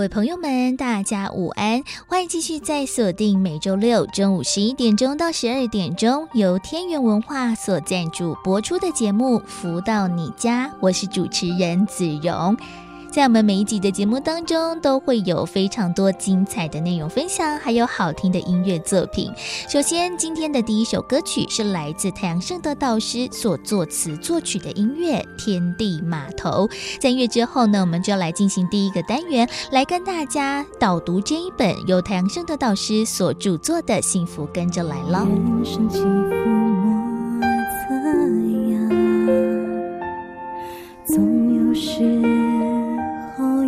各位朋友們，大家午安！歡迎繼續在鎖定每週六中午十一點鐘到十二點鐘，由天元文化所贊助播出的節目《福到你家》，我是主持人子榮。在我們每一集的節目當中，都會有非常多精彩的內容分享，還有好聽的音樂作品。首先，今天的第一首歌曲是來自太陽盛德導師所作詞作曲的音樂《天地碼頭》。在音樂之後呢，我們就要來進行第一個單元，來跟大家導讀這一本由太陽盛德導師所著作的《幸福跟着來了》。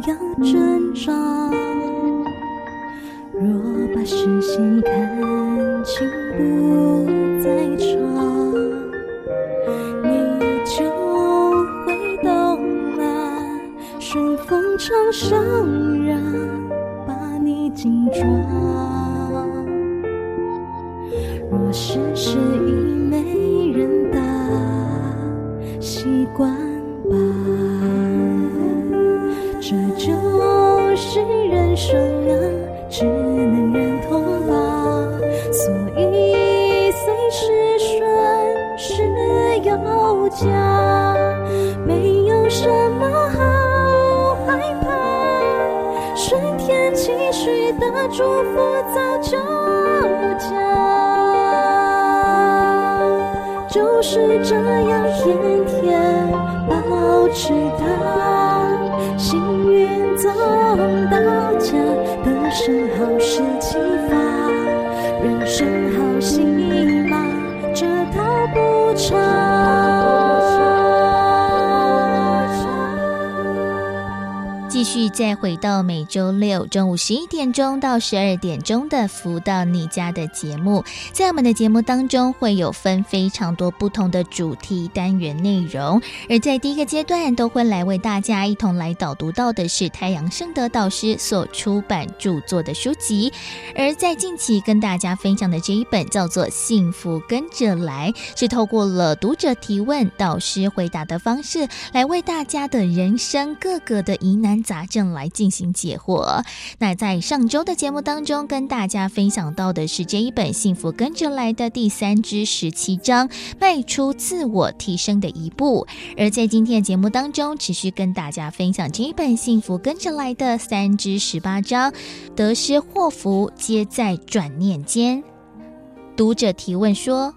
要掙扎，若把視線看清不再闖，你就會懂了，啊。順風長上讓，啊，把你緊抓。若世事已沒人答，習慣吧。這就是人生啊，只能認同吧，所以隨時順勢有家，沒有什麼好害怕，順天期許的祝福早就講，就是這樣天天保持它。幸運總到家，得勝好事齊發。續再回到每周六中午十一點鐘到十二點鐘的福到你家的節目，在我們的節目當中會有分非常多不同的主題單元內容，而在第一個階段都會來為大家一同來導讀到的是太陽盛德導師所出版著作的書籍，而在近期跟大家分享的這一本叫做《幸福跟着來》，是透過了讀者提問、導師回答的方式來為大家的人生各個的疑難雜。正來進行解惑。那在上周的節目當中，跟大家分享到的是這一本《幸福跟着來的》第三支十七章“邁出自我提升的一步”。而在今天的節目當中，持續跟大家分享這一本《幸福跟着來的》三支十八章“得失禍福皆在轉念間”。讀者提問說。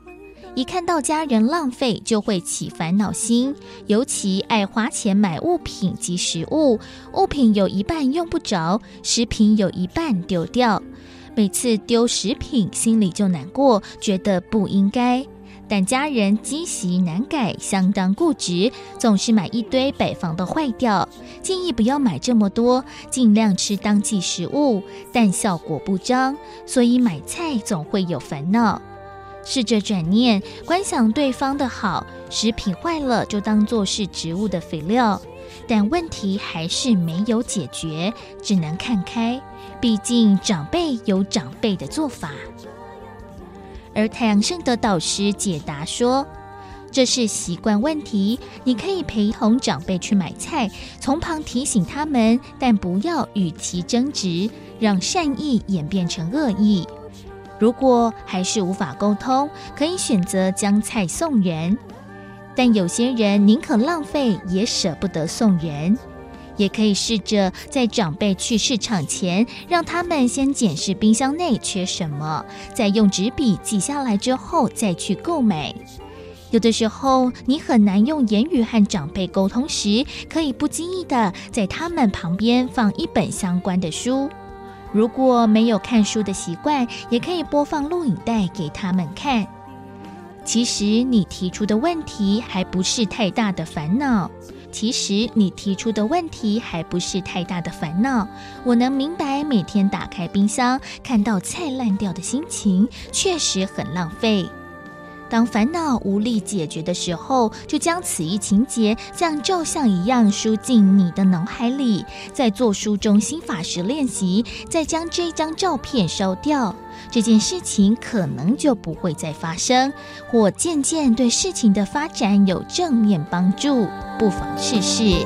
一看到家人浪費，就會起煩惱心，尤其愛花錢買物品及食物，物品有一半用不着，食品有一半丟掉，每次丟食品心裡就難過，覺得不應該。但家人積習難改，相當固執，總是買一堆，擺放的壞掉。建議不要買這麼多，盡量吃當季食物，但效果不彰，所以買菜總會有煩惱。試着轉念觀想對方的好，食品壞了就當做是植物的肥料，但問題還是沒有解決，只能看開。畢竟長輩有長輩的做法。而太陽盛德導師解答說，這是習慣問題，你可以陪同長輩去買菜，從旁提醒他們，但不要與其爭執，讓善意演變成惡意。如果還是無法溝通，可以選擇將菜送人，但有些人寧可浪費也捨不得送人。也可以試着在長輩去市場前，讓他們先檢視冰箱內缺什麼，再用紙筆記下來之後再去購買。有的時候你很難用言語和長輩溝通時，可以不經意的在他們旁邊放一本相關的書。如果沒有看書的習慣，也可以播放錄影帶給他們看。其實你提出的問題還不是太大的煩惱。其實你提出的問題還不是太大的煩惱。我能明白，每天打開冰箱看到菜爛掉的心情，確實很浪費。當煩惱無力解決的時候，就將此一情節像照相一樣輸進你的腦海裡，在做書中心法時練習，再將這張照片燒掉，這件事情可能就不會再發生，或漸漸對事情的發展有正面幫助，不妨試試。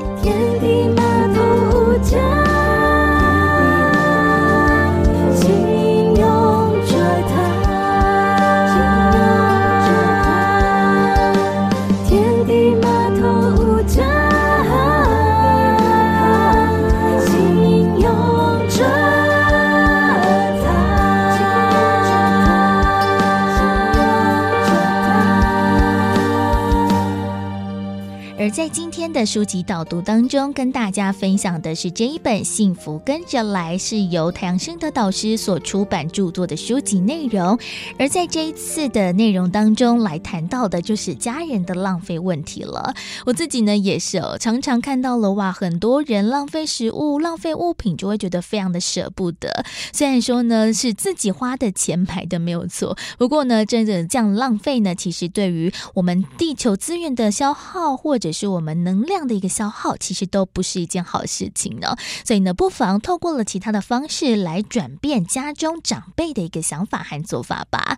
在書籍導讀當中，跟大家分享的是這一本《幸福跟着來》，是由太陽盛德導師所出版著作的書籍內容。而在這一次的內容當中，來談到的就是家人的浪費問題了。我自己呢，也是、哦、常常看到了哇，很多人浪費食物、浪費物品，就會覺得非常的捨不得。雖然說呢，是自己花的錢買的沒有錯，不過呢，真的這樣浪費呢，其實對於我們地球資源的消耗，或者是我們能。這樣的一個消耗其實都不是一件好事情呢、哦，所以呢，不妨透過了其他的方式來轉變家中長輩的一個想法和做法吧。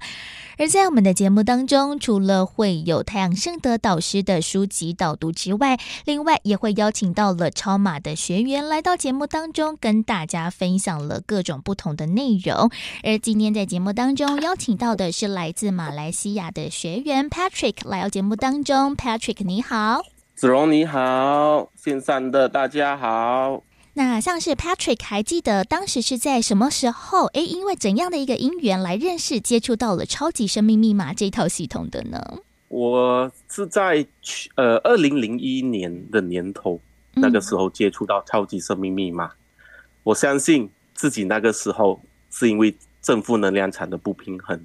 而在我們的節目當中，除了會有太陽聖德導師的書籍導讀之外，另外也會邀請到了超馬的學員來到節目當中，跟大家分享了各種不同的內容。而今天在節目當中邀請到的是來自馬來西亞的學員 Patrick 來到節目當中，Patrick 你好。子榮你好，線上的大家好。那像是 Patrick，還記得當時是在什麼時候？哎、欸，因為怎樣的一個因緣來認識、接觸到了《超級生命密碼》這套系統的呢？我是在去呃二零零一年的年頭，那個時候接觸到《超級生命密碼》。嗯。我相信自己那個時候是因為正負能量場的不平衡，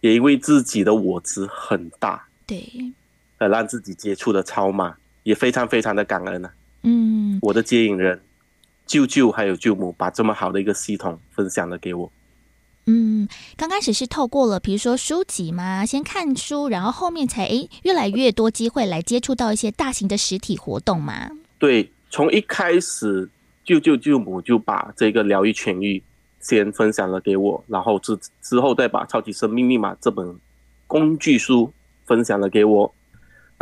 也因為自己的我執很大。對。呃，讓自己接觸的超碼，也非常非常的感恩啊。嗯，我的接引人舅舅還有舅母，把這麼好的一個系統分享了給我。嗯，剛開始是透過了，比如說書籍嘛，先看書，然後後面才誒越來越多機會來接觸到一些大型的實體活動嘛。對，從一開始舅舅舅母就把這個療癒泉力先分享了給我，然後之之後再把《超級生命密碼》這本工具書分享了給我。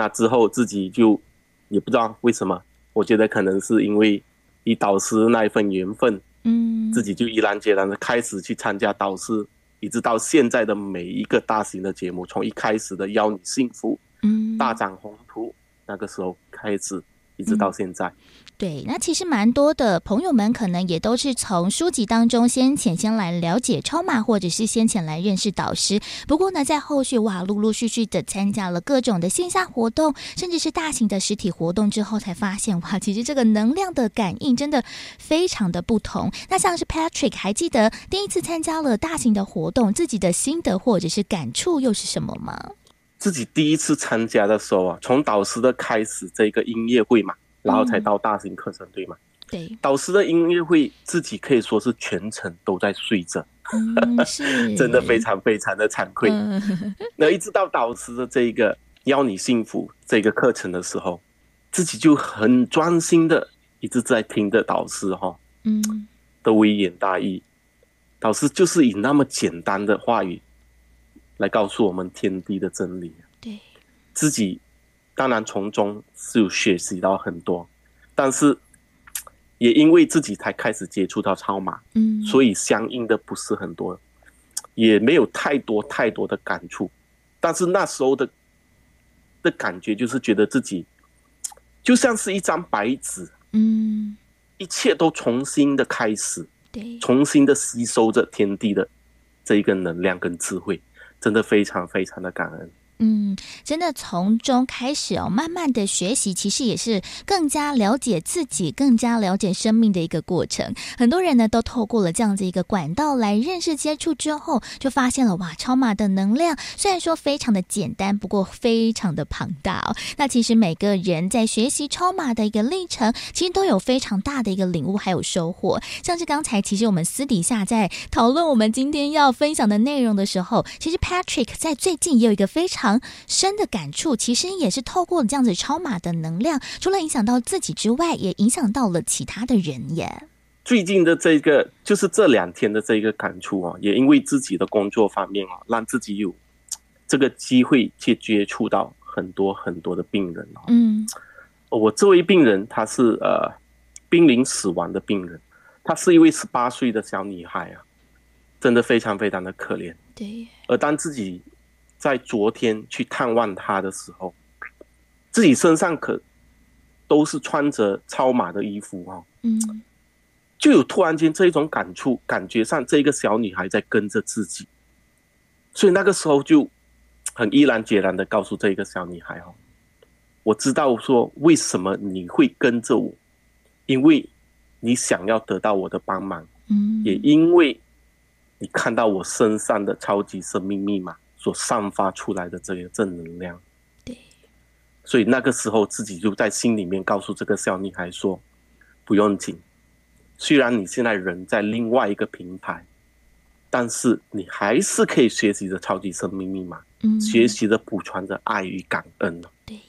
那之後自己就也不知道為什麼，我覺得可能是因為與導師那一份緣分，嗯，自己就毅然決然的開始去參加導師，一直到現在的每一個大型的節目，從一開始的邀你幸福，嗯，大展宏圖，那個時候開始。一直到現在，嗯，對，那其實蠻多的朋友們可能也都是從書籍當中先前先來了解超馬，或者是先前來認識導師。不過呢，在後續哇，陸陸續續的參加了各種的線下活動，甚至是大型的實體活動之後，才發現哇，其實這個能量的感應真的非常的不同。那像是 Patrick，還記得第一次參加了大型的活動，自己的心得或者是感觸又是什麼嗎？自己第一次參加的時候啊，從導師的開始這個音樂會嘛，然後才到大型課程、嗯、對嗎？對，導師的音樂會自己可以說是全程都在睡着、嗯、是耶，真的非常非常的慚愧。嗯、那一直到導師的這個“要你幸福”這個課程的時候，自己就很專心的一直在聽着導師哈，嗯，的微言大義，導師就是以那麼簡單的話語。來告訴我們天地的真理，對，自己當然從中是有學習到很多，但是也因為自己才開始接觸到超碼，嗯，所以相應的不是很多，也沒有太多太多的感觸。但是那時候的的感覺就是覺得自己就像是一張白紙，嗯，一切都重新的開始，對，重新的吸收着天地的這一個能量跟智慧。真的非常非常的感恩。嗯，真的從中開始哦，慢慢的學習，其實也是更加了解自己，更加了解生命的一個過程。很多人呢，都透過了這樣子一個管道來認識、接觸之後，就發現了哇，超馬的能量雖然說非常的簡單，不過非常的龐大哦。那其實每個人在學習超馬的一個歷程，其實都有非常大的一個領悟，還有收穫。像是剛才，其實我們私底下在討論我們今天要分享的內容的時候，其實 Patrick 在最近也有一個非常深的感觸，其實也是透過這樣子超馬的能量，除了影響到自己之外，也影響到了其他的人耶。最近的這個，就是這兩天的這個感觸啊，也因為自己的工作方面啊，讓自己有這個機會去接觸到很多很多的病人啊。嗯，我這位病人他是呃瀕臨死亡的病人，他是一位十八歲的小女孩啊，真的非常非常的可憐。對，而當自己。在昨天去探望她的時候，自己身上可都是穿着超碼的衣服啊！嗯，就有突然間這一種感觸，感覺上這個小女孩在跟着自己，所以那個時候就很毅然決然的告訴這一個小女孩哦，我知道說為什麼你會跟着我，因為你想要得到我的幫忙，嗯，也因為你看到我身上的超級生命密碼。所散發出來的這個正能量，對，所以那個時候自己就在心裡面告訴這個小女孩說：“不用緊，雖然你現在人在另外一個平台，但是你還是可以學習着超級生命密碼，學習着補傳着愛與感恩。”對。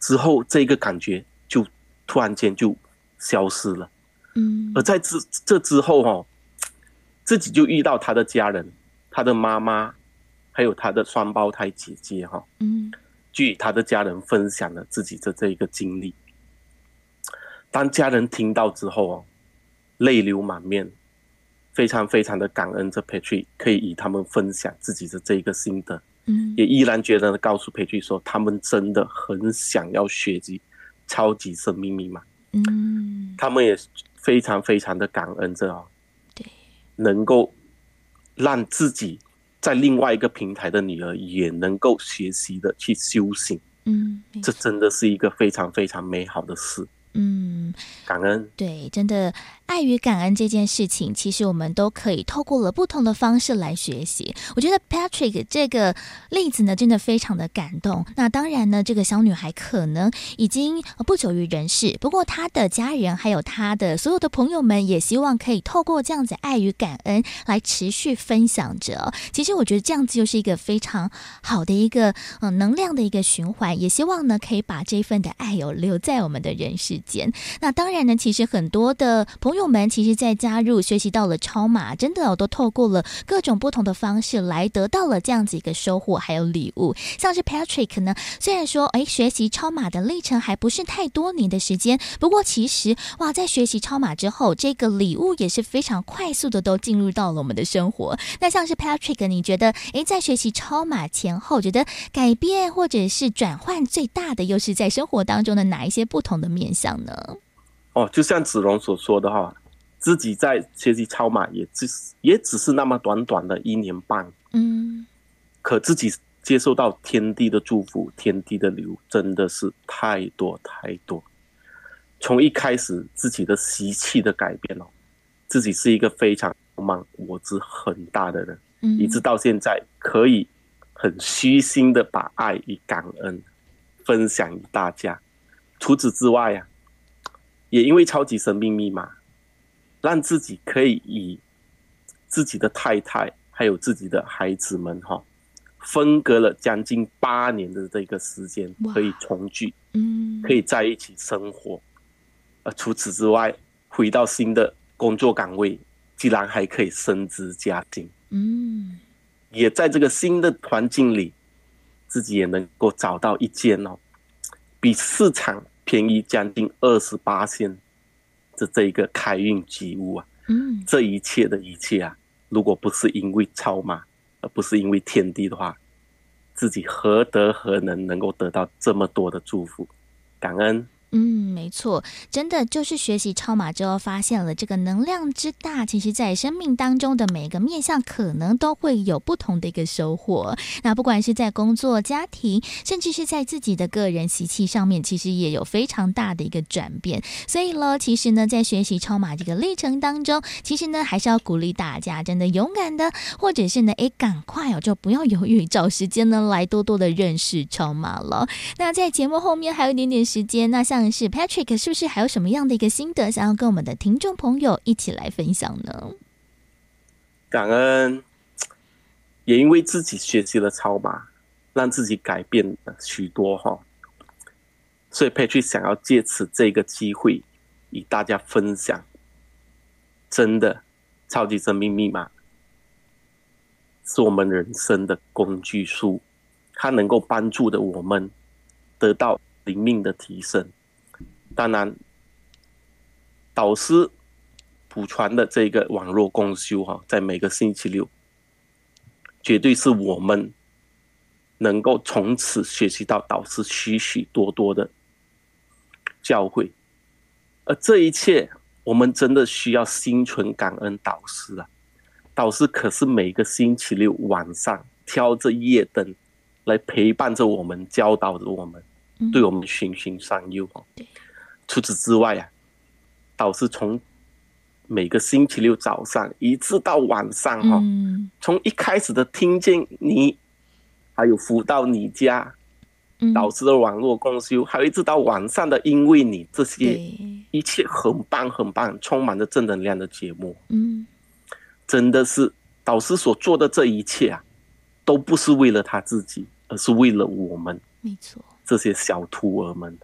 之後這個感覺就突然間就消失了，嗯。而在這之後自己就遇到他的家人，他的媽媽。還有他的雙胞胎姐姐哈、哦，嗯，據他的家人分享了自己的這一個經歷，當家人聽到之後哦，淚流滿面，非常非常的感恩這 Patrick 可以與他們分享自己的這一個心得，嗯、也依然覺得告訴 Patrick 說，他們真的很想要學習超級生命密碼，嗯、他們也非常非常的感恩這哦，對能夠讓自己。在另外一個平台的女兒也能夠學習的去修行，嗯，這真的是一個非常非常美好的事，嗯，感恩，對，真的。愛與感恩這件事情，其實我們都可以透過了不同的方式來學習。我覺得 Patrick 這個例子呢，真的非常的感動。那當然呢，這個小女孩可能已經不久於人世，不過她的家人還有她的所有的朋友們，也希望可以透過這樣子愛與感恩來持續分享着。其實我覺得這樣子就是一個非常好的一個嗯、呃、能量的一個循環，也希望呢可以把這份的愛有留在我們的人世間。那當然呢，其實很多的朋友入門，其實，在加入學習到了超碼，真的我、哦、都透過了各種不同的方式來得到了這樣子一個收穫，還有禮物。像是 Patrick 呢，雖然說，誒，學習超碼的歷程還不是太多年的時間，不過其實，哇，在學習超碼之後，這個禮物也是非常快速的都進入到了我們的生活。那像是 Patrick，你覺得，誒，在學習超碼前後，覺得改變或者是轉換最大的，又是在生活當中的哪一些不同的面向呢？哦，oh, 就像子龍所說的哈，自己在學習超碼也只也只是那麼短短的一年半，嗯，可自己接受到天地的祝福，天地的禮物真的是太多太多。從一開始自己的習氣的改變了，自己是一個非常傲慢、我執很大的人，嗯、一直到現在可以很虛心的把愛與感恩分享給大家。除此之外呀、啊。也因為超級生命密碼，讓自己可以以自己的太太還有自己的孩子們哈、哦，分隔了將近八年的這個時間可以重聚，哇可以在一起生活。嗯、除此之外，回到新的工作崗位，竟然還可以升職加薪，嗯、也在這個新的環境裡，自己也能夠找到一間哦，比市場。便宜將近二十八趴的這這一個開運吉屋啊，嗯，這一切的一切啊，如果不是因為超馬，而不是因為天地的話，自己何德何能能夠得到這麼多的祝福？感恩。嗯，沒錯，真的就是學習超馬之後，發現了這個能量之大。其實，在生命當中的每個面向，可能都會有不同的一個收穫。那不管是在工作、家庭，甚至是在自己的個人習氣上面，其實也有非常大的一個轉變。所以嘍，其實呢，在學習超馬這個歷程當中，其實呢，還是要鼓勵大家，真的勇敢的，或者是呢，誒，趕快哦，就不要猶豫，找時間呢來多多的認識超馬了。那在節目後面還有一點點時間，那像。但是 Patrick，是不是還有什麼樣的一個心得想要跟我們的聽眾朋友一起來分享呢？感恩，也因為自己學習了超碼，讓自己改變了許多哈、哦，所以 Patrick 想要借此這個機會，與大家分享，真的，超級生命密碼，是我們人生的工具書，它能夠幫助的我們得到靈命的提升。當然，導師普傳的這個網絡共修哈，在每個星期六，絕對是我們能夠從此學習到導師許許多多的教誨，而這一切，我們真的需要心存感恩，導師啊！導師可是每個星期六晚上挑着夜燈，來陪伴着我們，教導着我們，對我們循循善誘除此之外啊，導師從每個星期六早上一直到晚上哈、哦，嗯、從一開始的聽見你，還有輔導你家，嗯、導師的網絡共修，還有一直到晚上的，因為你這些一切很棒很棒，對充滿了正能量的節目，嗯、真的是導師所做的這一切啊，都不是為了他自己，而是為了我們，沒錯，這些小徒兒們。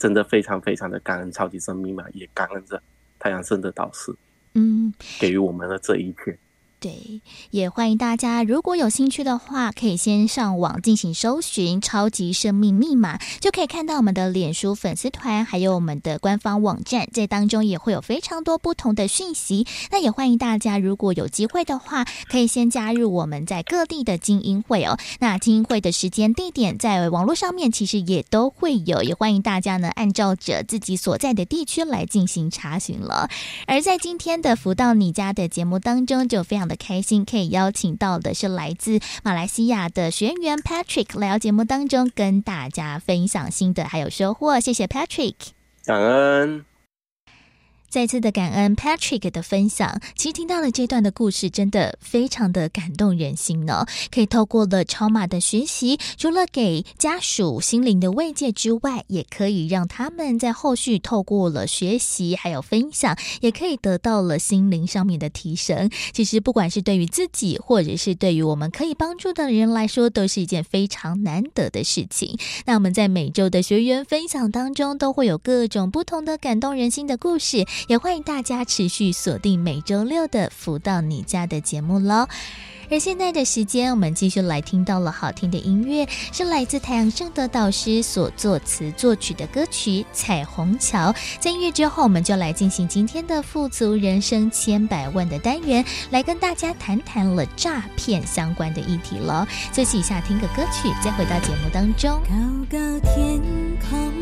真的非常非常的感恩超級生命碼，也感恩着太陽盛德導師，嗯，給予我們的這一切。嗯對，也歡迎大家，如果有興趣的話，可以先上網進行搜尋“超級生命密碼”，就可以看到我們的臉書粉絲團，還有我們的官方網站，在當中也會有非常多不同的訊息。那也歡迎大家，如果有機會的話，可以先加入我們在各地的精英會哦。那精英會的時間地點，在網絡上面其實也都會有，也歡迎大家呢，按照着自己所在的地區來進行查詢了。而在今天的福到你家的節目當中，就非常的。開心可以邀請到的是來自馬來西亞的學員 Patrick 來到節目當中跟大家分享心得還有收穫，謝謝 Patrick，感恩。再次的感恩 Patrick 的分享，其實聽到了這段的故事，真的非常的感動人心呢。可以透過了超馬的學習，除了給家屬心靈的慰藉之外，也可以讓他們在後續透過了學習還有分享，也可以得到了心靈上面的提升。其實不管是對於自己，或者是對於我們可以幫助的人來說，都是一件非常難得的事情。那我們在每周的學員分享當中，都會有各種不同的感動人心的故事。也歡迎大家持續鎖定每周六的福到你家的節目嘍。而現在的時間，我們繼續來聽到了好聽的音樂，是來自太陽盛德導師所作詞作曲的歌曲《彩虹橋》。在音樂之後，我們就來進行今天的富足人生千百問的單元，來跟大家談談了詐騙相關的議題嘍。休息一下，聽個歌曲，再回到節目當中。高高天空。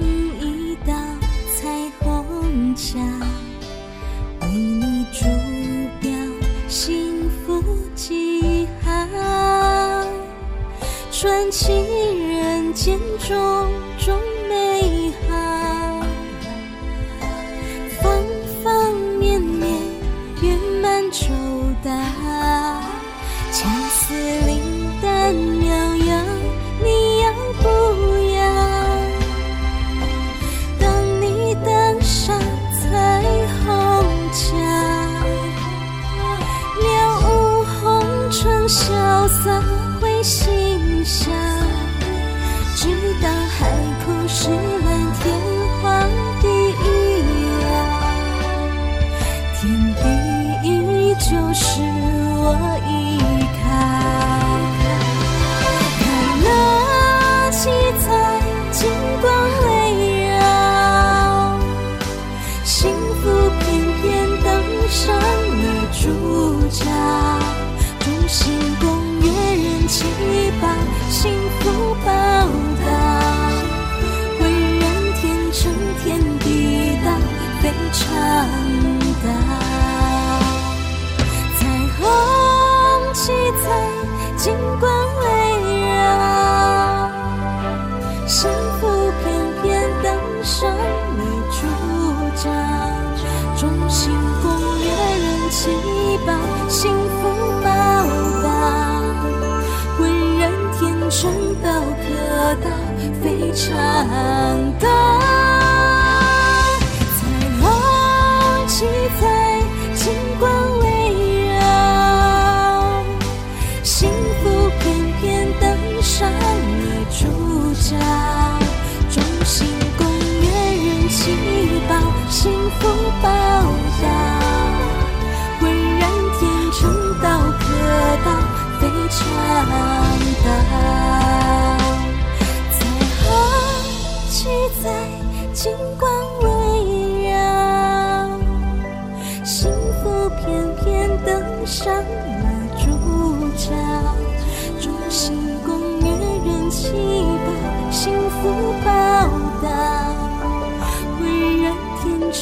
幸福報道，渾然天成，道可道，非常道。彩虹七彩，金光圍繞，幸福翩翩登上了主角。眾星拱月，人祈禱，幸福。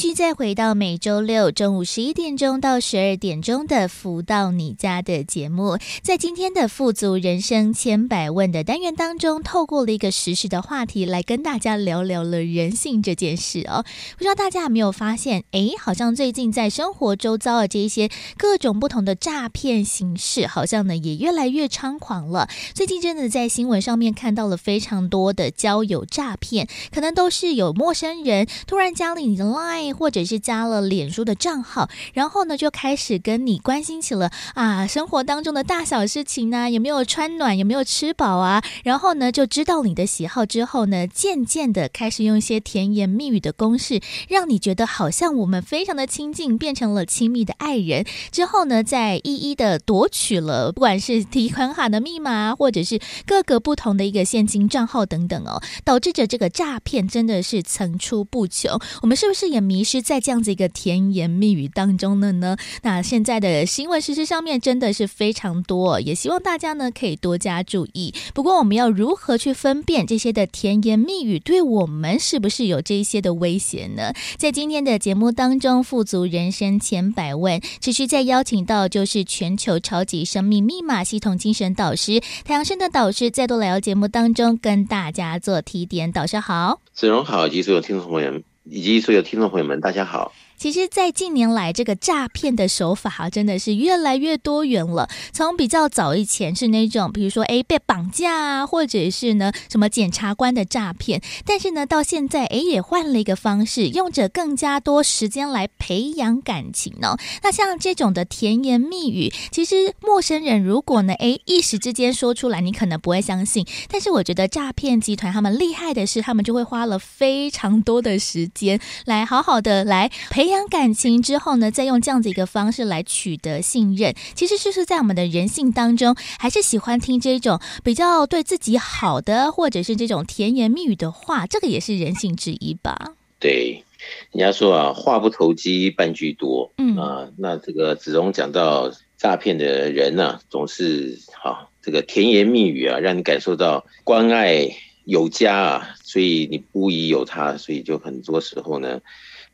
繼續再回到每周六中午十一點鐘到十二點鐘的《福到你家》的節目，在今天的《富足人生千百問》的單元當中，透過了一個實時，時的話題來跟大家聊聊了，了人性這件事哦。不知道大家有沒有發現，哎、欸，好像最近在生活周遭的這一些各種不同的詐騙形式，好像呢也越來越猖狂了。最近真的在新聞上面看到了非常多的交友詐騙，可能都是有陌生人突然加了你的 Line。或者是加了臉書的賬號，然後呢，就開始跟你關心起了啊生活當中的大小事情啊，有沒有穿暖，有沒有吃飽啊，然後呢就知道你的喜好之後呢，漸漸的開始用一些甜言蜜語的攻勢，讓你覺得好像我們非常的親近，變成了親密的愛人。之後呢再一一的奪取了不管是提款卡的密碼，或者是各個不同的一個現金賬號等等哦，導致着這個詐騙真的是層出不窮。我們是不是也明？是在這樣子一個甜言蜜語當中的呢？那現在的新聞時事上面真的是非常多，也希望大家呢可以多加注意。不過，我們要如何去分辨這些的甜言蜜語對我們是不是有這些的威脅呢？在今天的節目當中，富足人生千百問，持續再邀請到就是全球超級生命密碼系統精神導師太陽盛德導師再度來到節目當中，跟大家做提點。導師好，子榮好，以及所有聽眾朋友。以及所有聽眾朋友們，大家好。其實，在近年來，這個詐騙的手法真的是越來越多元了。從比較早以前是那種，比如說，哎，被綁架啊，或者是呢，什麼檢察官的詐騙。但是呢，到現在，哎，也換了一個方式，用着更加多時間來培養感情呢，哦。那像這種的甜言蜜語，其實陌生人如果呢，哎，一時之間說出來，你可能不會相信。但是，我覺得詐騙集團他們厲害的是，他們就會花了非常多的時間來好好的來培。培養感情之後呢，再用這樣子一個方式來取得信任，其實就是在我們的人性當中，還是喜歡聽這種比較對自己好的，或者是這種甜言蜜語的話。這個也是人性之一吧？對，人家說啊，話不投機半句多。嗯啊，那這個子榮講到詐騙的人呢，啊，總是好，啊。這個甜言蜜語啊，讓你感受到關愛有加啊，所以你不疑有他，所以就很多時候呢。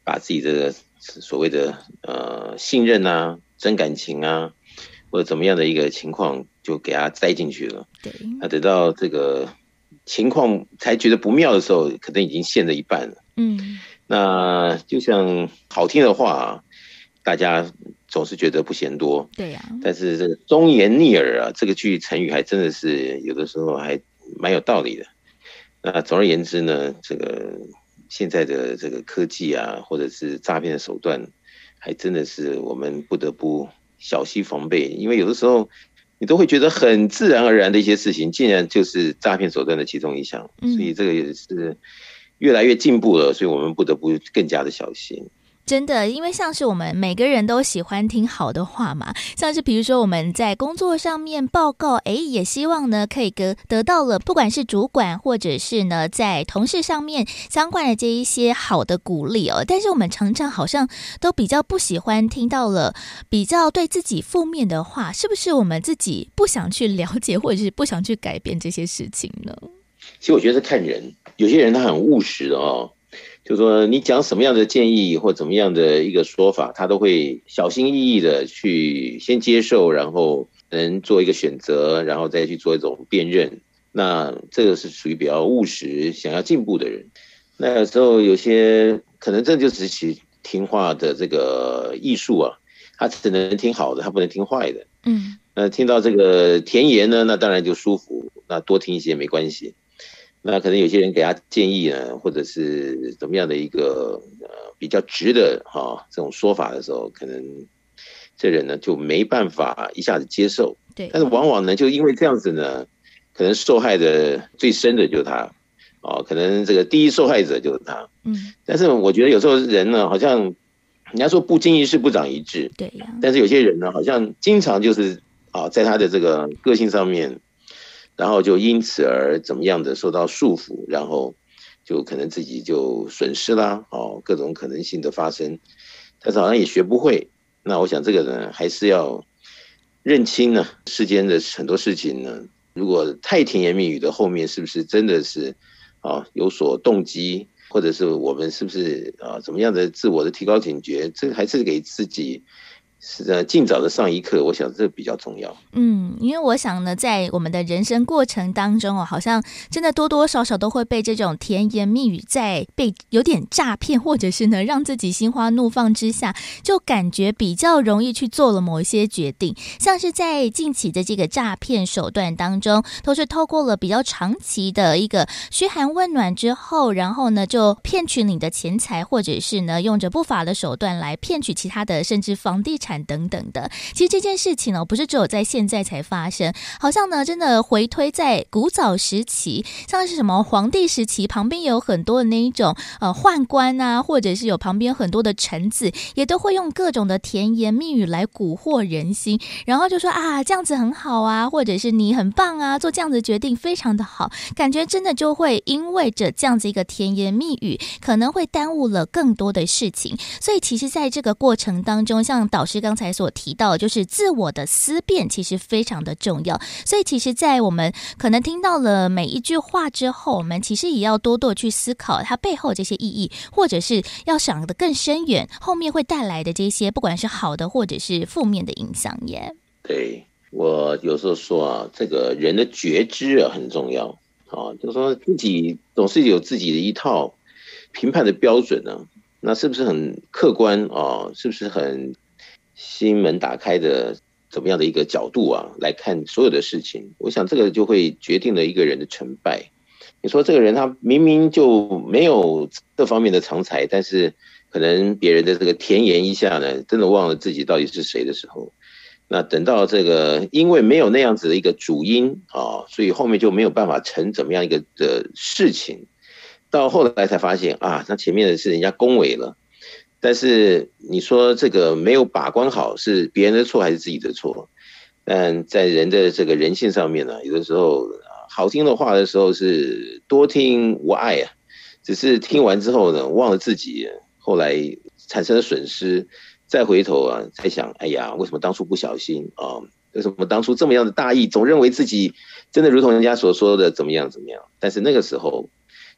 把自己的所謂的呃信任啊，真感情啊，或者怎麼樣的一個情況，就給他栽進去了。對。那等到這個情況才覺得不妙的時候，可能已經陷了一半了。嗯。那就像好聽的話，啊，大家總是覺得不嫌多。對呀，啊。但是這個忠言逆耳啊，這個句成語還真的是有的時候還蠻有道理的。那總而言之呢，這個。現在的這個科技啊，或者是詐騙的手段，還真的是我們不得不小心防備。因為有的時候，你都會覺得很自然而然的一些事情，竟然就是詐騙手段的其中一項，所以這個也是越來越進步了，所以我們不得不更加的小心。真的，因為像是我們每個人都喜歡聽好的話嘛，像是比如說我們在工作上面報告，哎，也希望呢可以得得到了，不管是主管或者是呢在同事上面相關的這一些好的鼓勵哦。但是我們常常好像都比較不喜歡聽到了比較對自己負面的話，是不是我們自己不想去了解或者是不想去改變這些事情呢？其實我覺得看人，有些人他很務實哦。就說你講什麼樣的建議或怎麼樣的一個說法，他都會小心翼翼的去先接受，然後能做一個選擇，然後再去做一種辨認。那這個是屬於比較務實、想要進步的人。那有時候有些可能這就只是其聽話的這個藝術啊，他只能聽好的，他不能聽壞的。嗯，那聽到這個甜言呢，那當然就舒服，那多聽一些沒關係。那可能有些人給他建議呢，或者是怎麼樣的一個呃比較直的哈這種說法的時候，可能這人呢就沒辦法一下子接受。對啊。但是往往呢，就因為這樣子呢，可能受害的最深的就是他，哦，可能這個第一受害者就是他。嗯。但是我覺得有時候人呢，好像人家說不經一事不長一智。對啊。但是有些人呢，好像經常就是啊，哦，在他的這個個性上面。然後就因此而怎麼樣的受到束縛，然後就可能自己就損失啦，哦，各種可能性的發生，但是好像也學不會。那我想這個人還是要認清呢，啊，世間的很多事情呢，如果太甜言蜜語的後面是不是真的是，啊，有所動機，或者是我們是不是啊怎麼樣的自我的提高警覺，這個還是給自己，是的，盡早的上一課，我想這比較重要。嗯，因為我想呢，在我們的人生過程當中哦，好像真的多多少少都會被這種甜言蜜語在被有點詐騙，或者是呢讓自己心花怒放之下，就感覺比較容易去做了某一些決定。像是在近期的這個詐騙手段當中，都是透過了比較長期的一個噓寒問暖之後，然後呢就騙取你的錢財，或者是呢用着不法的手段來騙取其他的，甚至房地產。產等等的，其實這件事情呢，不是只有在現在才發生。好像呢，真的回推在古早時期，像是什麼皇帝時期，旁邊有很多的那一種呃宦官啊，或者是有旁邊很多的臣子，也都會用各種的甜言蜜語來蠱惑人心。然後就說啊，這樣子很好啊，或者是你很棒啊，做這樣子決定非常的好，感覺真的就會因為着這樣子一個甜言蜜語，可能會耽誤了更多的事情。所以其實，在這個過程當中，像導師。剛才所提到，就是自我的思辨其實非常的重要。所以，其實，在我們可能聽到了每一句話之後，我們其實也要多多去思考它背後這些意義，或者是要想得更深遠，後面會帶來的這些，不管是好的或者是負面的影響也。對，我有時候說啊，這個人的覺知啊很重要啊，就是說自己總是有自己的一套評判的標準呢，啊，那是不是很客觀啊？是不是很？心門打開的怎麼樣的一個角度啊，來看所有的事情，我想這個就會決定了一個人的成敗。你說這個人他明明就沒有這方面的長才，但是可能別人的這個甜言一下呢，真的忘了自己到底是誰的時候，那等到這個因為沒有那樣子的一個主因啊、哦，所以後面就沒有辦法成怎麼樣一個的事情，到後來才發現啊，他前面的是人家恭維了。但是你說這個沒有把關好，是別人的錯還是自己的錯？但在人的這個人性上面呢，啊，有的時候好聽的話的時候是多聽無礙啊，只是聽完之後呢，忘了自己後來產生了損失，再回頭啊，再想，哎呀，為什麼當初不小心啊？為什麼當初這麼樣的大意？總認為自己真的如同人家所說的怎麼樣怎麼樣？但是那個時候。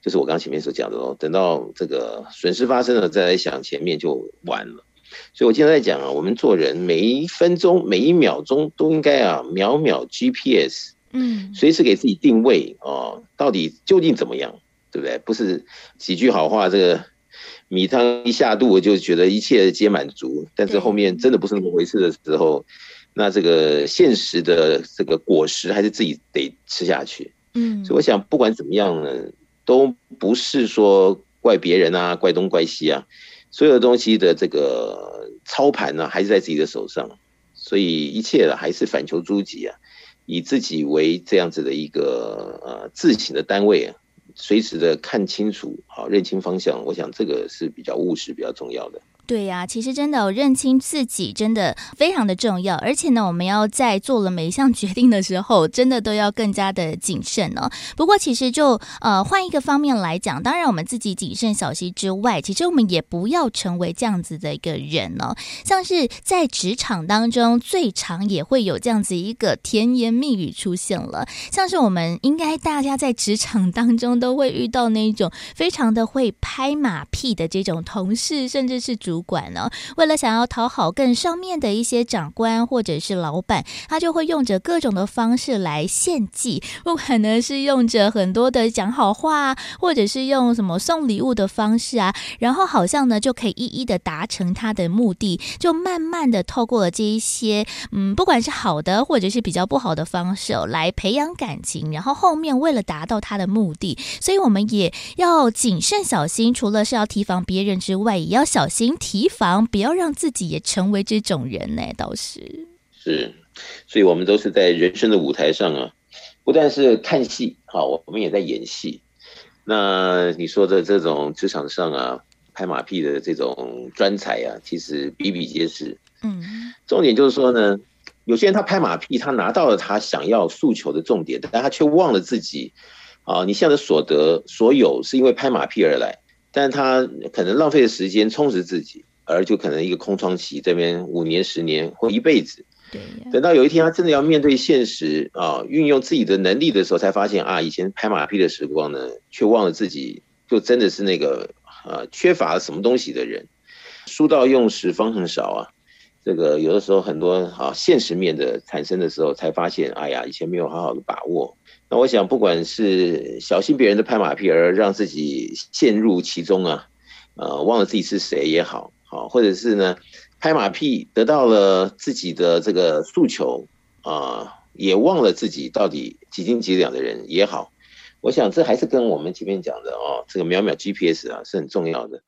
就是我剛前面所講的哦，等到這個損失發生了再來想，前面就晚了。所以我經常在講啊，我們做人每一分鐘、每一秒鐘都應該啊，秒秒 GPS，嗯，隨時給自己定位啊，到底究竟怎麼樣，對不對？不是幾句好話，這個米湯一下肚我就覺得一切皆滿足，但是後面真的不是那麼回事的時候，對那這個現實的這個果實還是自己得吃下去，嗯。所以我想，不管怎麼樣呢。都不是說怪別人啊，怪東怪西啊，所有東西的這個操盤呢，啊，還是在自己的手上，所以一切還是反求諸己啊，以自己為這樣子的一個呃自省的單位啊，隨時的看清楚，好，認清方向，我想這個是比較務實，比較重要的。對呀、啊，其實真的、哦，認清自己真的非常的重要。而且呢，我們要在做了每一項決定的時候，真的都要更加的謹慎哦。不過，其實就呃換一個方面來講，當然我們自己謹慎小心之外，其實我們也不要成為這樣子的一個人哦。像是在職場當中，最常也會有這樣子一個甜言蜜語出現了，像是我們應該大家在職場當中都會遇到那種非常的會拍馬屁的這種同事，甚至是主。主管呢，為了想要討好更上面的一些長官或者是老闆，他就會用着各種的方式來獻祭，不管呢是用着很多的講好話，或者是用什麼送禮物的方式啊，然後好像呢就可以一一的達成他的目的，就慢慢的透過了這一些，嗯，不管是好的或者是比較不好的方式，哦，來培養感情，然後後面為了達到他的目的，所以我們也要謹慎小心，除了是要提防別人之外，也要小心提。提防，不要讓自己也成為這種人呢、欸。倒是。是，所以我們都是在人生的舞台上啊，不但是看戲，好，我我們也在演戲。那你說的這種職場上啊，拍馬屁的這種專才啊，其實比比皆是。嗯，重點就是說呢，有些人他拍馬屁，他拿到了他想要訴求的重點，但他卻忘了自己啊，你現在的所得所有是因為拍馬屁而來。但他可能浪費了時間，充實自己，而就可能一個空窗期，這邊五年、十年或一輩子，對，等到有一天他真的要面對現實啊，運用自己的能力的時候，才發現啊，以前拍馬屁的時光呢，卻忘了自己就真的是那個啊缺乏了什麼東西的人，書到用時方恨少啊。這個有的時候很多啊現實面的產生的時候，才發現哎呀，以前沒有好好的把握。那我想，不管是小心別人的拍馬屁而讓自己陷入其中啊、呃，啊忘了自己是誰也好，好，或者是呢，拍馬屁得到了自己的這個訴求啊，也忘了自己到底幾斤幾兩的人也好，我想這還是跟我們前面講的哦，這個秒秒 GPS 啊是很重要的，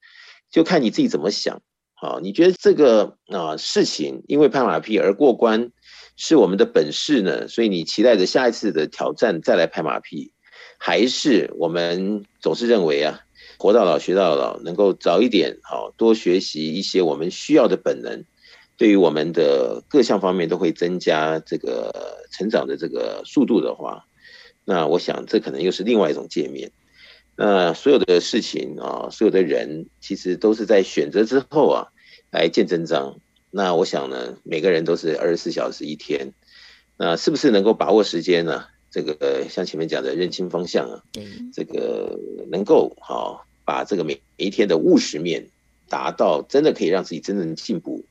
就看你自己怎麼想。好，你覺得這個啊事情，因為拍馬屁而過關是我們的本事呢？所以你期待着下一次的挑戰再來拍馬屁，還是我們總是認為啊，活到老學到老，能夠早一點好，多學習一些我們需要的本能，對於我們的各項方面都會增加這個成長的這個速度的話，那我想這可能又是另外一種界面。那所有的事情啊，所有的人其實都是在選擇之後啊，來見真章。那我想呢，每個人都是二十四小時一天，那是不是能夠把握時間呢？啊？這個呃，像前面講的認清方向啊，這個能夠好、啊、把這個每每一天的務實面達到，真的可以讓自己真正進步。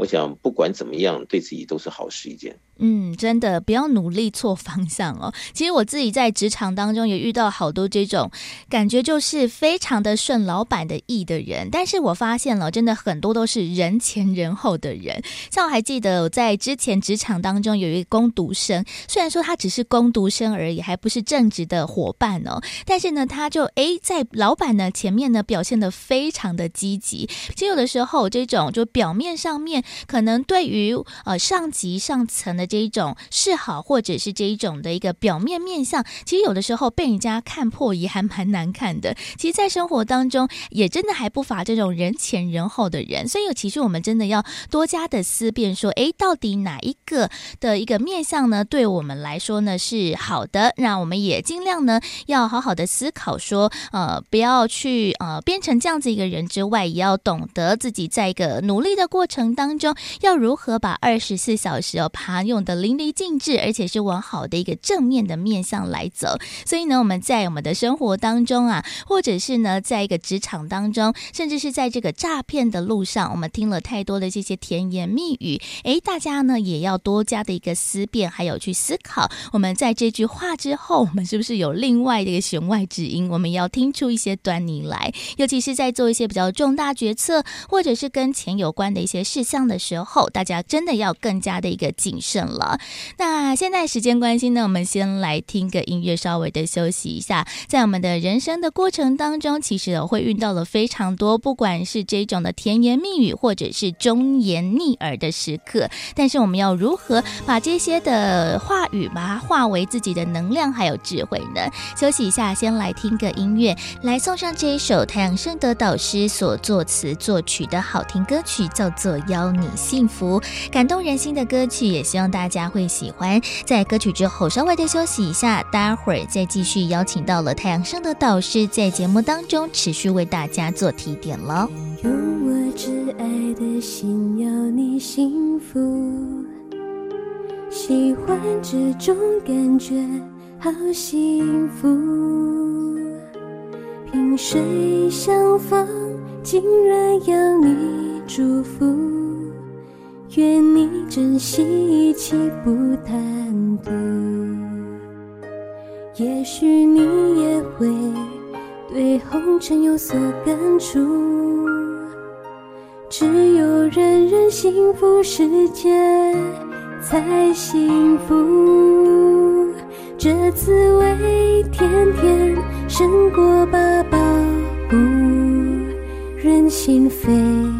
我想不管怎麼樣，對自己都是好事一件。嗯，真的不要努力錯方向哦。其實我自己在職場當中也遇到好多這種感覺，就是非常的順老板的意的人。但是我發現了，真的很多都是人前人後的人。像我還記得我在之前職場當中有一個工讀生，雖然說他只是工讀生而已，還不是正職的伙伴哦。但是呢，他就哎在老板呢前面呢表現得非常的積極。其實有的時候這種就表面上面。可能對於呃上級上層的這一種示好，或者是這一種的一個表面面相，其實有的時候被人家看破，也還蠻難看的。其實，在生活當中，也真的還不乏這種人前人後的人。所以，其實我們真的要多加的思辨，說，誒，到底哪一個的一個面相呢，對我們來說呢是好的？那我們也儘量呢，要好好的思考，說，呃，不要去呃變成這樣子一個人之外，也要懂得自己在一個努力的過程當中，中要如何把二十四小時哦爬用得淋漓盡致，而且是往好的一個正面的面向來走。所以呢，我們在我們的生活當中啊，或者是呢，在一個職場當中，甚至是在這個詐騙的路上，我們聽了太多的這些甜言蜜語，誒，大家呢也要多加的一個思辨，還有去思考。我們在這句話之後，我們是不是有另外的一個弦外之音？我們要聽出一些端倪來，尤其是在做一些比較重大決策，或者是跟錢有關的一些事項。的時候，大家真的要更加的一個謹慎了。那現在時間關係呢，我們先來聽個音樂，稍微的休息一下。在我們的人生的過程當中，其實我會遇到了非常多，不管是這種的甜言蜜語，或者是忠言逆耳的時刻。但是我們要如何把這些的話語嘛，化為自己的能量還有智慧呢？休息一下，先來聽個音樂，來送上這一首太陽盛德導師所作詞作曲的好聽歌曲，叫做《妖》。你幸福，感動人心的歌曲，也希望大家會喜歡。在歌曲之後，稍微的休息一下，待會兒再繼續邀請到了太陽上的導師，在節目當中持續為大家做提點嘍。用我摯愛的心，要你幸福，喜歡這種感覺，好幸福。萍水相逢，竟然要你祝福。願你珍惜一切，不貪圖。也許你也會對紅塵有所感觸。只有人人幸福，世界才幸福。這滋味，甜甜勝過八寶，不忍心分。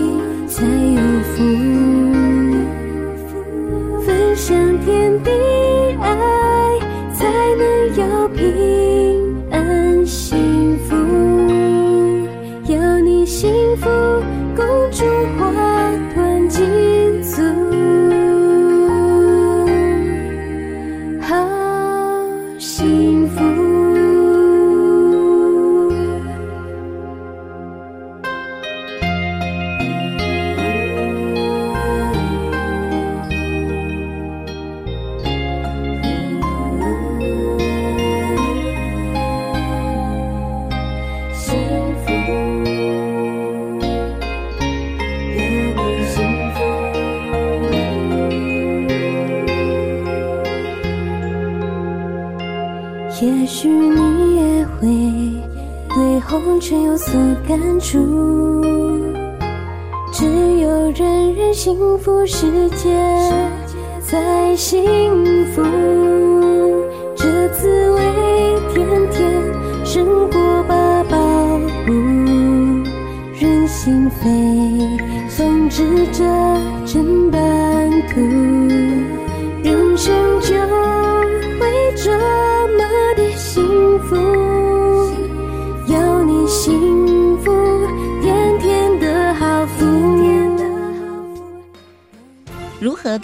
幸福世界，時間在心。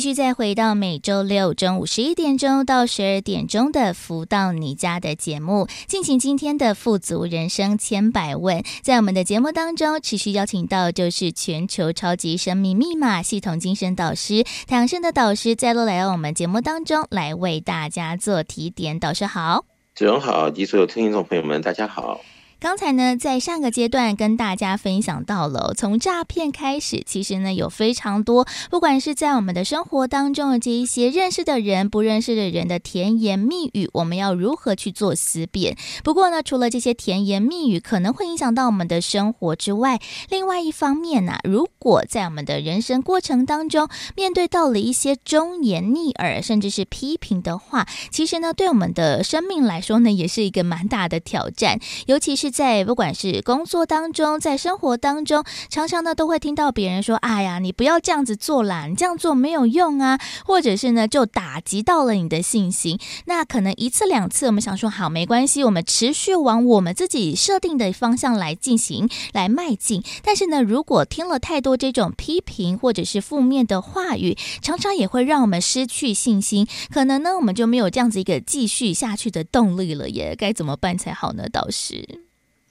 繼續再回到每週六中午十一點鐘到十二點鐘的《福到你家》的節目，進行今天的富足人生千百問。在我們的節目當中，持續邀請到就是全球超級生命密碼系統精神導師唐生的導師再度來到我們節目當中來為大家做提點。導師好，主持人好，及所有聽眾朋友們，大家好。剛才呢，在上個階段跟大家分享到了哦，從詐騙開始，其實呢有非常多，不管是在我們的生活當中，這一些認識的人、不認識的人的甜言蜜語，我們要如何去做思辨？不過呢，除了這些甜言蜜語可能會影響到我們的生活之外，另外一方面呢、啊，如果在我們的人生過程當中，面對到了一些忠言逆耳，甚至是批評的話，其實呢，對我們的生命來說呢，也是一個蠻大的挑戰，尤其是。在不管是工作當中，在生活當中，常常呢都會聽到別人說：“哎呀，你不要這樣子做啦，你這樣做沒有用啊。”或者是呢就打擊到了你的信心。那可能一次兩次，我們想說好沒關係，我們持續往我們自己設定的方向來進行來邁進。但是呢，如果聽了太多這種批評或者是負面的話語，常常也會讓我們失去信心，可能呢我們就沒有這樣子一個繼續下去的動力了耶。該怎麼辦才好呢？導師。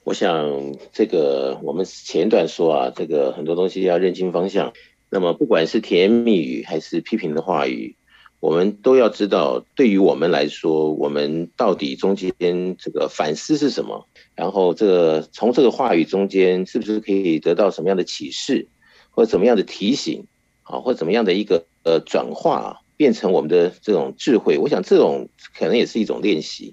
我想，這個我們前一段說啊，這個很多東西要認清方向。那麼，不管是甜言蜜語還是批評的話語，我們都要知道，對於我們來說，我們到底中間這個反思是什麼？然後，這個從這個話語中間，是不是可以得到什麼樣的啟示，或者怎麼樣的提醒？啊，或者怎麼樣的一個呃轉化，變成我們的這種智慧？我想，這種可能也是一種練習。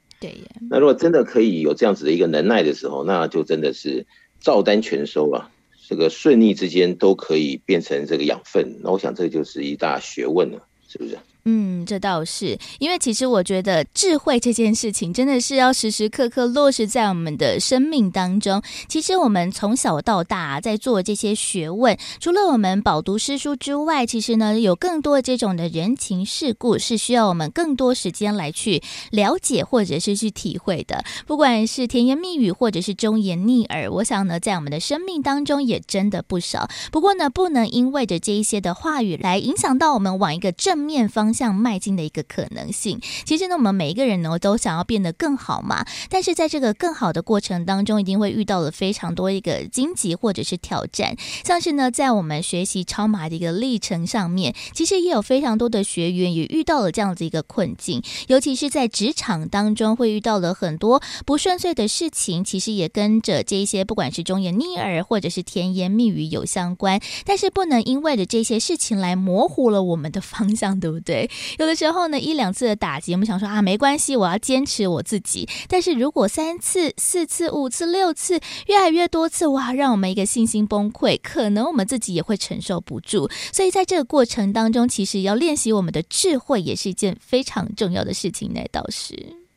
那如果真的可以有這樣子的一個能耐的時候，那就真的是照單全收啊！這個順逆之間都可以變成這個養分，那我想這就是一大學問了啊，是不是？嗯，這倒是。因為其實我覺得智慧這件事情真的是要時時刻刻落實在我們的生命當中。其實我們從小到大啊，在做這些學問，除了我們飽讀詩書之外，其實呢，有更多這種的人情世故是需要我們更多時間來去了解或者是去體會的。不管是甜言蜜語或者是忠言逆耳，我想呢，在我們的生命當中也真的不少。不過呢，不能因為着這一些的話語來影響到我們往一個正面方向向邁進的一個可能性。其實呢，我們每一個人呢，都想要變得更好嘛。但是在這個更好的過程當中，一定會遇到了非常多一個荊棘或者是挑戰。像是呢，在我們學習超馬的一個歷程上面，其實也有非常多的學員也遇到了這樣子一個困境。尤其是在職場當中，會遇到了很多不順遂的事情。其實也跟着這一些，不管是忠言逆耳或者是甜言蜜語有相關。但是不能因為的這些事情來模糊了我們的方向，對不對？有的時候呢，一兩次的打擊，我們想說啊，沒關係，我要堅持我自己。但是如果三次、四次、五次、六次，越來越多次，哇，讓我們一個信心崩潰，可能我們自己也會承受不住。所以在這個過程當中，其實要練習我們的智慧，也是一件非常重要的事情導。呢，倒是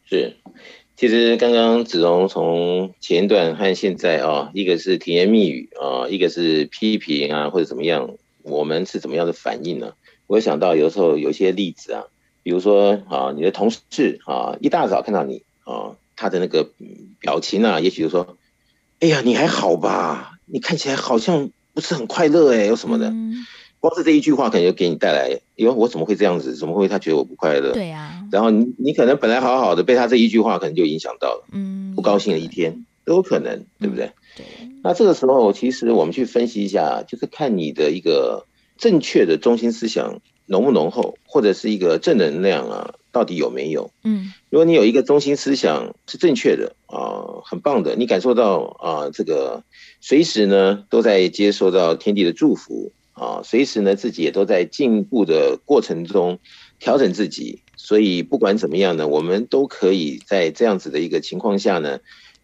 是，其實剛剛子榮從前段和現在啊、哦，一個是甜言蜜語啊、哦，一個是批評啊，或者怎麼樣，我們是怎麼樣的反應呢、啊？我想到有時候有些例子啊，比如說啊，你的同事啊，一大早看到你啊，他的那個表情啊，也許就說，哎呀，你還好吧？你看起來好像不是很快樂哎、欸，有什麼的？嗯、光是這一句話，可能就給你帶來，因為我怎麼會這樣子？怎麼會他覺得我不快樂？對呀、啊。然後你你可能本來好好的，被他這一句話，可能就影響到了，嗯，啊、不高興了一天都有可能，對不對？嗯、對。那這個時候，其實我們去分析一下，就是看你的一個。正確的中心思想濃不濃厚，或者是一個正能量啊，到底有沒有？嗯，如果你有一個中心思想是正確的啊、呃，很棒的，你感受到啊、呃，這個隨時呢都在接受到天地的祝福啊，隨時呢自己也都在進步的過程中調整自己，所以不管怎麼樣呢，我們都可以在這樣子的一個情況下呢，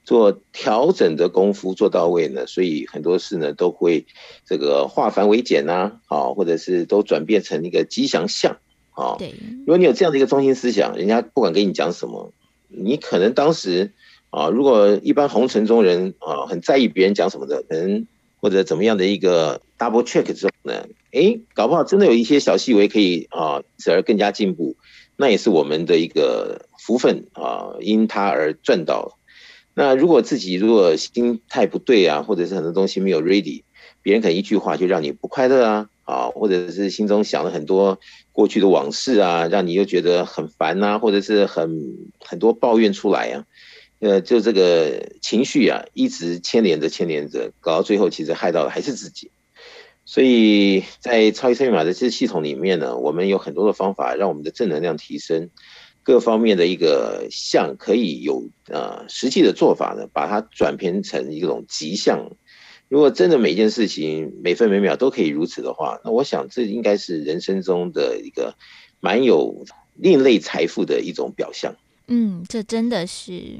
做調整的功夫做到位呢，所以很多事呢都會這個化繁為簡吶、啊，好、啊，或者是都轉變成一個吉祥相，啊，對，如果你有這樣的一個中心思想，人家不管給你講什麼，你可能當時啊，如果一般紅塵中人啊很在意別人講什麼的，可能或者怎麼樣的一個 double check 之後呢，誒、欸，搞不好真的有一些小細微可以啊，從而更加進步，那也是我們的一個福分啊，因他而賺到。那如果自己如果心態不對啊，或者是很多東西沒有 ready，別人可能一句話就讓你不快樂啊啊，或者是心中想了很多過去的往事啊，讓你又覺得很煩啊，或者是很很多抱怨出來啊，呃，就這個情緒啊，一直牽連着牽連着，搞到最後其實害到的還是自己。所以在超級生命密碼的這系統裡面呢，我們有很多的方法讓我們的正能量提升。各方面的一個像可以有呃實際的做法呢，把它轉變成一種吉象。如果真的每件事情、每分每秒都可以如此的話，那我想這應該是人生中的一個蠻有另類財富的一種表象。嗯，這真的是。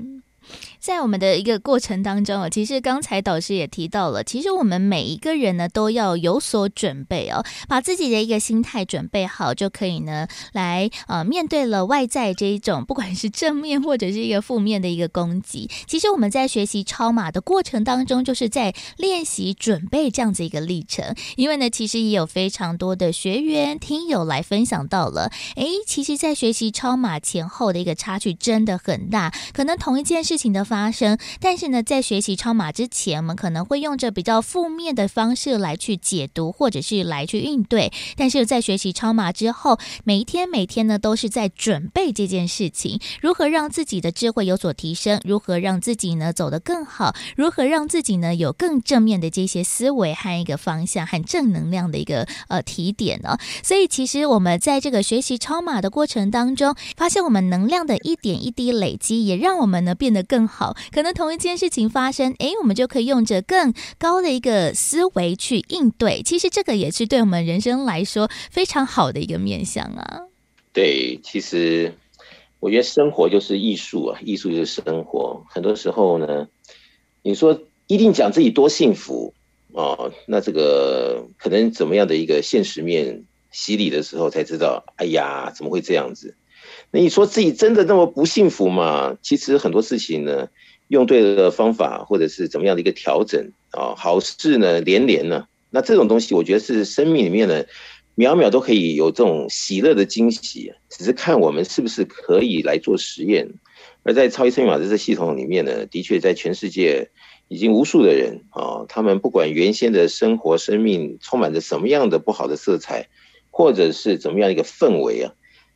在我們的一個過程當中哦，其實剛才導師也提到了，其實我們每一個人呢都要有所準備哦，把自己的一個心態準備好就可以呢，來呃面對了外在這一種不管是正面或者是一個負面的一個攻擊。其實我們在學習超馬的過程當中，就是在練習準備這樣子一個歷程，因為呢，其實也有非常多的學員聽友來分享到了，誒，其實，在學習超馬前後的一個差距真的很大，可能同一件事情的。發生，但是呢，在學習超馬之前，我們可能會用着比較負面的方式來去解讀，或者是來去應對。但是在學習超馬之後，每一天，每天呢，都是在準備這件事情：如何讓自己的智慧有所提升？如何讓自己呢走得更好？如何讓自己呢有更正面的這些思維和一個方向和正能量的一個呃提點呢哦？所以，其實我們在這個學習超馬的過程當中，發現我們能量的一點一滴累積，也讓我們呢變得更好。可能同一件事情發生，誒，我們就可以用着更高的一個思維去應對。其實這個也是對我們人生來說非常好的一個面向啊。對，其實我覺得生活就是藝術啊，藝術就是生活。很多時候呢，你說一定講自己多幸福啊，哦，那這個可能怎麼樣的一個現實面洗禮的時候才知道，哎呀，怎麼會這樣子？那你說自己真的那麼不幸福嗎？其實很多事情呢，用對了方法或者是怎麼樣的一個調整啊，好事呢連連呢、啊。那這種東西，我覺得是生命裡面呢，秒秒都可以有這種喜樂的驚喜，只是看我們是不是可以來做實驗。而在超級生命密碼這系統裡面呢，的確在全世界已經無數的人啊，他們不管原先的生活生命充滿着什麼樣的不好的色彩，或者是怎麼樣一個氛圍啊。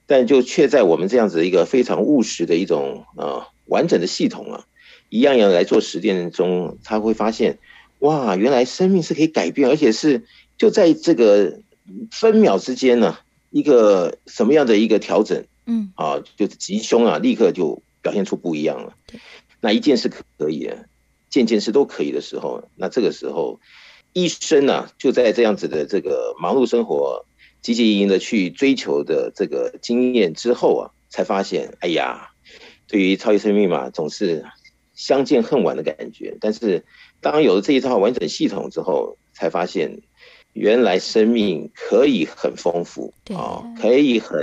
但就卻在我們這樣子一個非常務實的一種啊，完整的系統啊，一樣一樣來做實踐中，他會發現，哇，原來生命是可以改變，而且是就在這個分秒之間呢、啊，一個什麼樣的一個調整，嗯，啊，就是吉凶啊，立刻就表現出不一樣了。嗯、那一件事可以，件件事都可以的時候，那這個時候，一生呢、啊，就在這樣子的這個忙碌生活。汲汲營營的去追求的這個經驗之後啊，才發現，哎呀，對於超級生命嘛，總是相見恨晚的感覺。但是，當有了這一套完整系統之後，才發現，原來生命可以很豐富，對啊、哦，可以很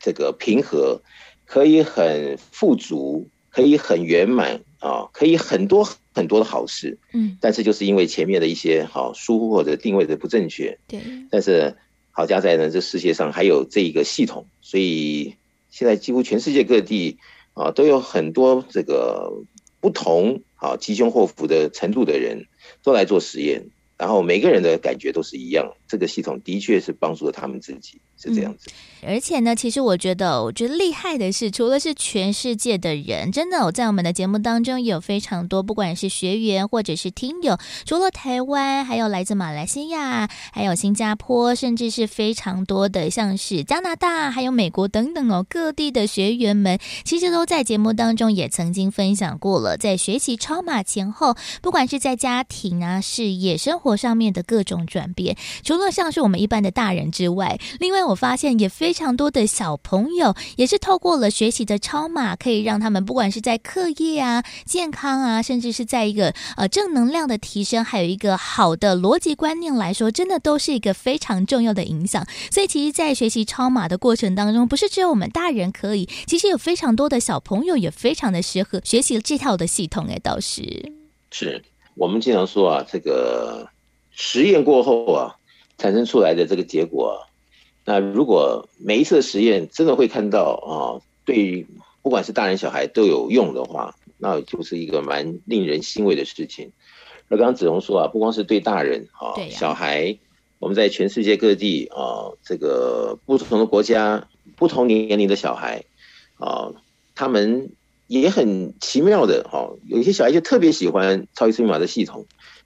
這個平和，可以很富足，可以很圓滿啊、哦，可以很多很多的好事。嗯，但是就是因為前面的一些好疏忽或者定位的不正確，對，但是。好加在呢，這世界上還有這一個系統，所以現在幾乎全世界各地啊，都有很多這個不同啊，吉凶禍福的程度的人，都來做實驗，然後每個人的感覺都是一樣的。這個系統的確是幫助了他們自己，是這樣子，嗯。而且呢，其實我覺得，我覺得厲害的是，除了是全世界的人，真的，哦，在我們的節目當中也有非常多，不管是學員或者是聽友，除了台灣，還有來自馬來西亞，還有新加坡，甚至是非常多的，像是加拿大，還有美國等等哦，各地的學員們，其實都在節目當中也曾經分享過了，在學習超馬前後，不管是在家庭啊、事業、生活上面的各種轉變，除。除了像是我們一般的大人之外，另外我發現也非常多的小朋友也是透過了學習的超碼，可以讓他們不管是在課業啊、健康啊，甚至是在一個呃正能量的提升，還有一個好的邏輯觀念來說，真的都是一個非常重要的影響。所以，其實，在學習超碼的過程當中，不是只有我們大人可以，其實有非常多的小朋友也非常的適合學習這套的系統、哎。誒，倒是，是我們經常說啊，這個實驗過後啊。產生出來的這個結果，那如果每一次的實驗真的會看到啊，對於不管是大人小孩都有用的話，那就是一個蠻令人欣慰的事情。那剛剛子龍說啊，不光是對大人啊，啊小孩，我們在全世界各地啊，這個不同的國家、不同年齡的小孩啊，他們也很奇妙的哈、啊，有些小孩就特別喜歡超級密碼的系統，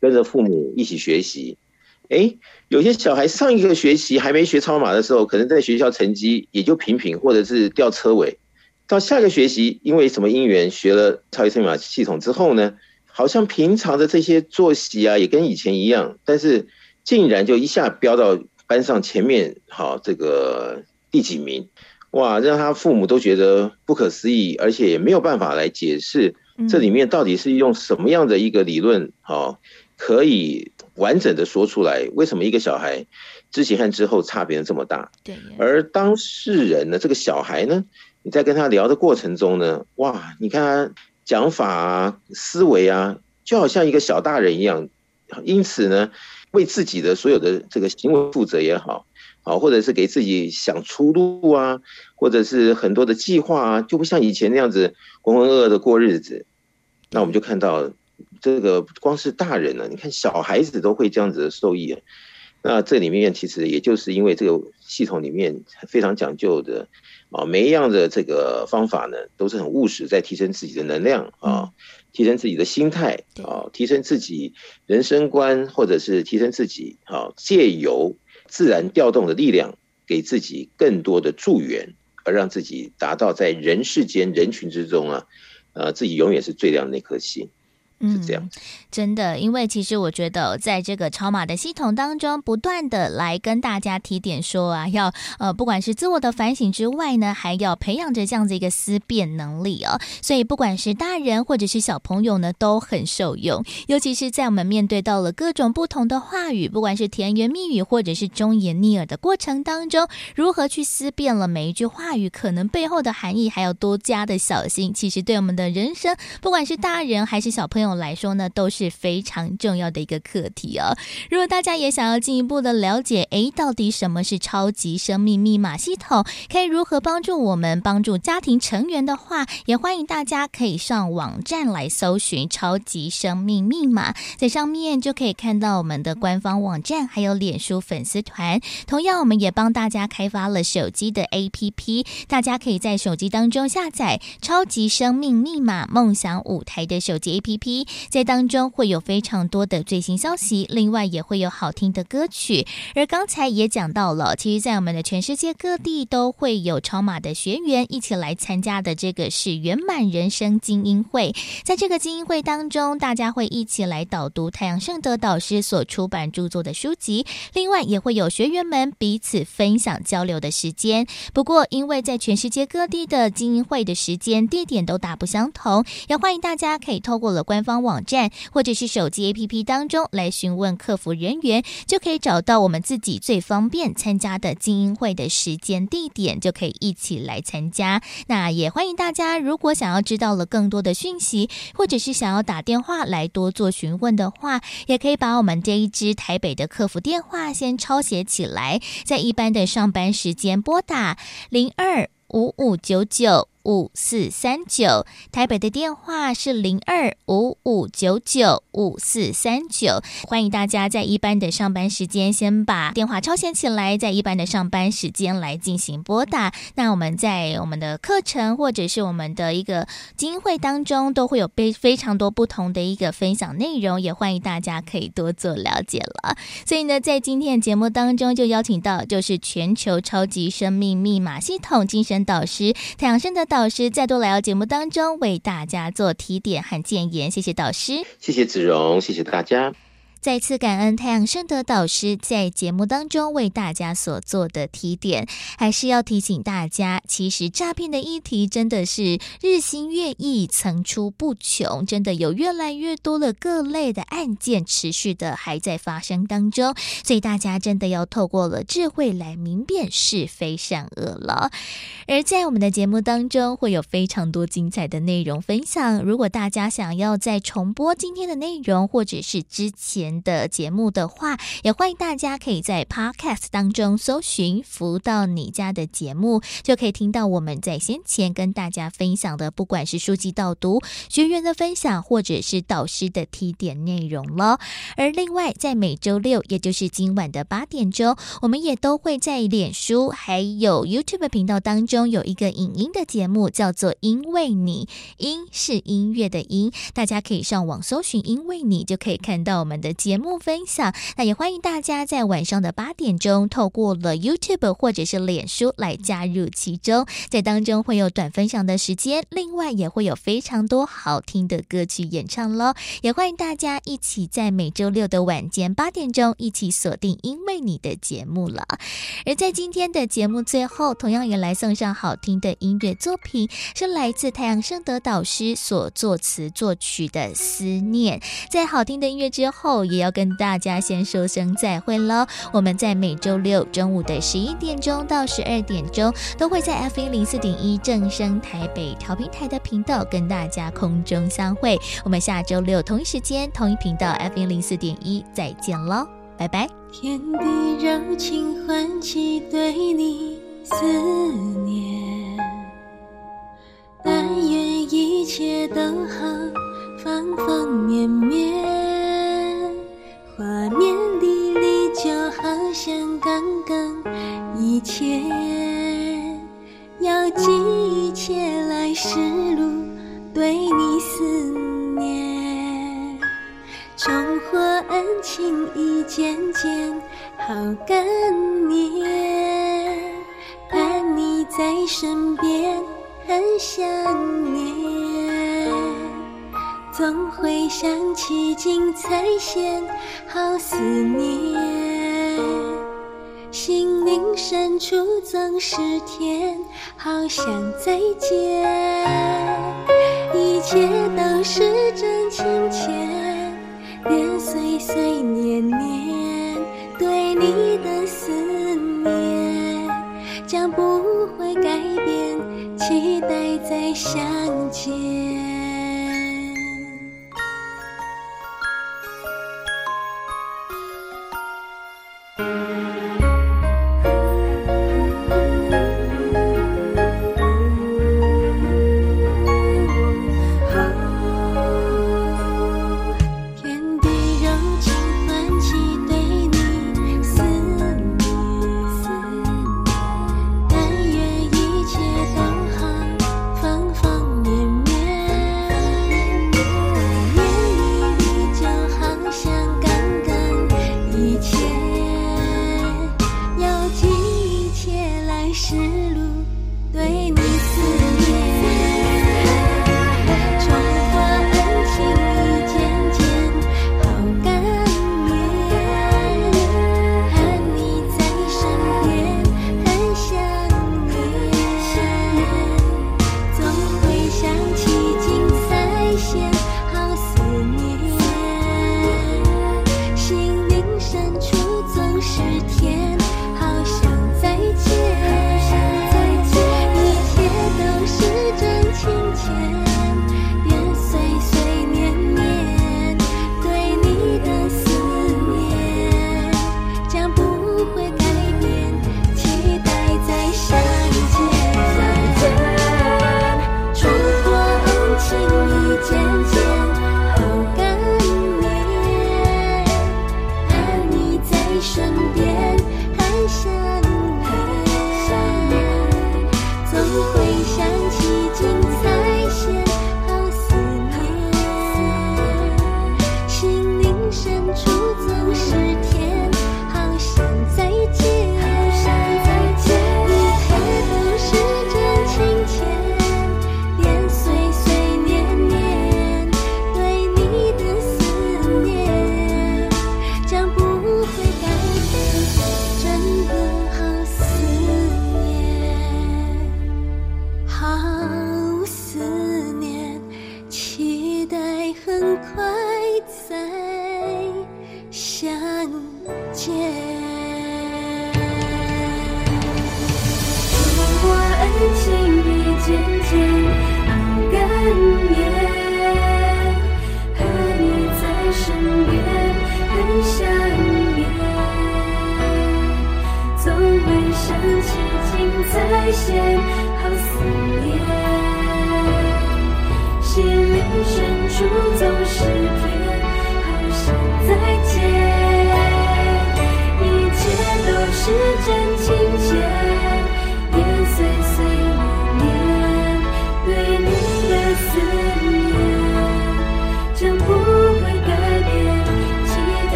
跟着父母一起學習。哎，有些小孩上一個學期還沒學超碼的時候，可能在學校成績也就平平，或者是吊車尾。到下個學期，因為什麼因緣學了超級生命密碼系統之後呢，好像平常的這些作息啊也跟以前一樣，但是竟然就一下飆到班上前面，好這個第幾名，哇，讓他父母都覺得不可思議，而且也沒有辦法來解釋這裡面到底是用什麼樣的一個理論，好可以。完整的說出來，為什麼一個小孩之前和之後差別的這麼大？對。而當事人呢，這個小孩呢，你在跟他聊的過程中呢，哇，你看他講法啊、思維啊，就好像一個小大人一樣。因此呢，為自己的所有的這個行為負責也好，好，或者是給自己想出路啊，或者是很多的計劃啊，就不像以前那樣子渾渾噩噩的過日子。那我們就看到。這個不光是大人呢、啊，你看小孩子都會這樣子的受益。那這裡面其實也就是因為這個系統裡面非常講究的啊，每一樣的這個方法呢，都是很務實，在提升自己的能量啊，提升自己的心態啊，提升自己人生觀，或者是提升自己啊，借由自然調動的力量，給自己更多的助緣，而讓自己達到在人世間人群之中啊，啊自己永遠是最亮的那顆星。嗯，是這樣。嗯，真的，因為其實我覺得，在這個超馬的系統當中，不斷的來跟大家提點說啊，要呃，不管是自我的反省之外呢，還要培養着這樣子一個思辨能力哦。所以不管是大人或者是小朋友呢，都很受用。尤其是在我們面對到了各種不同的話語，不管是甜言蜜語或者是忠言逆耳的過程當中，如何去思辨了每一句話語可能背後的含義，還要多加的小心。其實對我們的人生，不管是大人還是小朋友，來說呢，都是非常重要的一個課題哦。如果大家也想要進一步的了解，誒，到底什麼是超級生命密碼系統？可以如何幫助我們幫助家庭成員的話，也歡迎大家可以上網站來搜尋超級生命密碼，在上面就可以看到我們的官方網站，還有臉書粉絲團。同樣，我們也幫大家開發了手機的 APP，大家可以在手機當中下載超級生命密碼夢想舞台的手機 APP。在當中會有非常多的最新消息，另外也會有好聽的歌曲。而剛才也講到了，其實，在我們的全世界各地都會有超馬的學員一起來參加的。這個是圓滿人生精英會，在這個精英會當中，大家會一起來導讀太陽盛德導師所出版著作的書籍，另外也會有學員們彼此分享交流的時間。不過，因為在全世界各地的精英會的時間地點都大不相同，也歡迎大家可以透過了官方，方網站或者是手機 APP 當中來詢問客服人員，就可以找到我們自己最方便參加的精英會的時間地點，就可以一起來參加。那也歡迎大家，如果想要知道了更多的訊息，或者是想要打電話來多做詢問的話，也可以把我們這一支台北的客服電話先抄寫起來，在一般的上班時間撥打零二五五九九。五四三九，台北的電話是零二五五九九五四三九。39，歡迎大家在一般的上班時間先把電話抄寫起來，在一般的上班時間來進行撥打。那我們在我們的課程或者是我們的一個精英會當中，都會有非非常多不同的一個分享內容，也歡迎大家可以多做了解了。所以呢，在今天的節目當中，就邀請到就是全球超級生命密碼系統精神導師太陽盛德。導師再度來到節目當中，為大家做提點和建言，謝謝導師，謝謝芷蓉，謝謝大家。再次感恩太陽盛德導師在節目當中為大家所做的提點，還是要提醒大家，其實詐騙的議題真的是日新月異、層出不窮，真的有越來越多的各類的案件持續的還在發生當中，所以大家真的要透過了智慧來明辨是非善惡了。而在我們的節目當中，會有非常多精彩的內容分享。如果大家想要再重播今天的內容，或者是之前，的節目的話，也歡迎大家可以在 Podcast 當中搜尋“福到你家”的節目，就可以聽到我們在先前跟大家分享的，不管是書籍導讀、學員的分享，或者是導師的提點內容咯。而另外，在每週六，也就是今晚的八點鐘，我們也都會在臉書還有 YouTube 頻道當中有一個影音的節目，叫做“因為你”，音是音樂的音，大家可以上網搜尋“因為你”，就可以看到我們的。節目分享，那也歡迎大家在晚上的八點鐘，透過了 YouTube 或者是臉書來加入其中，在當中會有短分享的時間，另外也會有非常多好聽的歌曲演唱咯，也歡迎大家一起在每周六的晚間八點鐘一起鎖定《因為你的》節目了。而在今天的節目最後，同樣也來送上好聽的音樂作品，是來自太陽盛德導師所作詞作曲的《思念》。在好聽的音樂之後。也要跟大家先說聲再會嘍！我們在每周六中午的十一點鐘到十二點鐘，都會在 F 一零四點一正聲台北調頻台的頻道跟大家空中相會。我們下周六同一時間，同一頻道 F 一零四點一再見嘍，拜拜。天地柔情喚起對你思念，但願一切都好，方方面面。畫面的你就好像剛剛一切，要記一切來時路，對你思念，重獲恩情一件件好感念，盼你在身邊，很想念。總會想起精彩線，竟才顯好思念。心靈深處總是甜，好想再見。一切都是真情切，年歲歲年年，對你的思念將不會改變，期待再相見。